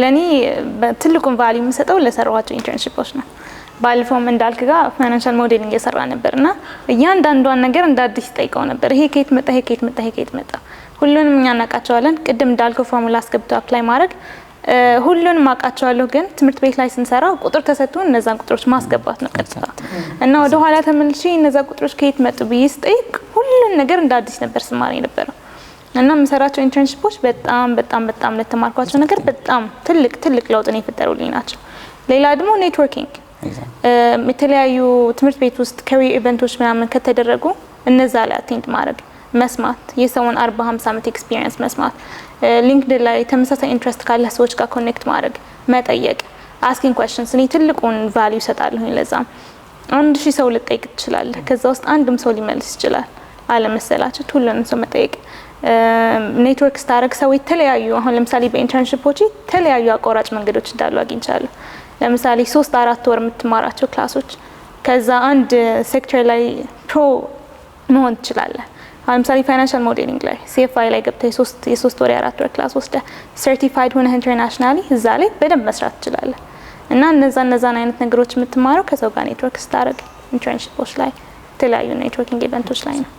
ለእኔ ትልቁን ቫሊዩ የምሰጠው ለሰራኋቸው ኢንተርንሽፖች ነው። ባለፈውም እንዳልክ ጋር ፋይናንሻል ሞዴሊንግ እየሰራ ነበር እና እያንዳንዷን ነገር እንደ አዲስ ይጠይቀው ነበር። ይሄ ከየት መጣ፣ ይሄ ከየት መጣ፣ ይሄ ከየት መጣ። ሁሉንም እኛ እናውቃቸዋለን። ቅድም እንዳልከው ፎርሙላ አስገብቶ አፕላይ ማድረግ ሁሉንም አውቃቸዋለሁ፣ ግን ትምህርት ቤት ላይ ስንሰራ ቁጥር ተሰጥቶ እነዛን ቁጥሮች ማስገባት ነው ቀጥታ እና ወደ ኋላ ተመልሼ እነዛ ቁጥሮች ከየት መጡ ብዬ ስጠይቅ ሁሉን ነገር እንደ አዲስ ነበር ስማር የነበረ እና የምሰራቸው ኢንተርንሽፖች በጣም በጣም በጣም ለተማርኳቸው ነገር በጣም ትልቅ ትልቅ ለውጥን የፈጠሩልኝ ናቸው። ሌላ ደግሞ ኔትወርኪንግ የተለያዩ ትምህርት ቤት ውስጥ ከሪር ኢቨንቶች ምናምን ከተደረጉ እነዛ ላይ አቴንድ ማድረግ መስማት የሰውን አርባ ሀምሳ ዓመት ኤክስፒሪየንስ መስማት፣ ሊንክድን ላይ ተመሳሳይ ኢንትረስት ካለ ሰዎች ጋር ኮኔክት ማድረግ፣ መጠየቅ፣ አስኪንግ ኮስችንስ እኔ ትልቁን ቫሊዩ ይሰጣለሁ። ለዛም አንድ ሺህ ሰው ልጠይቅ ትችላለህ፣ ከዛ ውስጥ አንድም ሰው ሊመልስ ይችላል። አለመሰላቸው ሁሉንም ሰው መጠየቅ ኔትወርክ ስታደረግ ሰው የተለያዩ አሁን ለምሳሌ በኢንተርንሽፖች የተለያዩ አቋራጭ መንገዶች እንዳሉ አግኝቻለሁ። ለምሳሌ ሶስት አራት ወር የምትማራቸው ክላሶች ከዛ አንድ ሴክተር ላይ ፕሮ መሆን ትችላለህ። አሁን ለምሳሌ ፋይናንሻል ሞዴሊንግ ላይ ሲኤፍአይ ላይ ገብተህ የሶስት ወር የአራት ወር ክላስ ወስደህ ሰርቲፋይድ ሆነህ ኢንተርናሽናሊ እዛ ላይ በደንብ መስራት ትችላለህ። እና እነዛ እነዛን አይነት ነገሮች የምትማረው ከሰው ጋር ኔትወርክ ስታደረግ ኢንተርንሽፖች ላይ የተለያዩ ኔትወርኪንግ ኢቨንቶች ላይ ነው።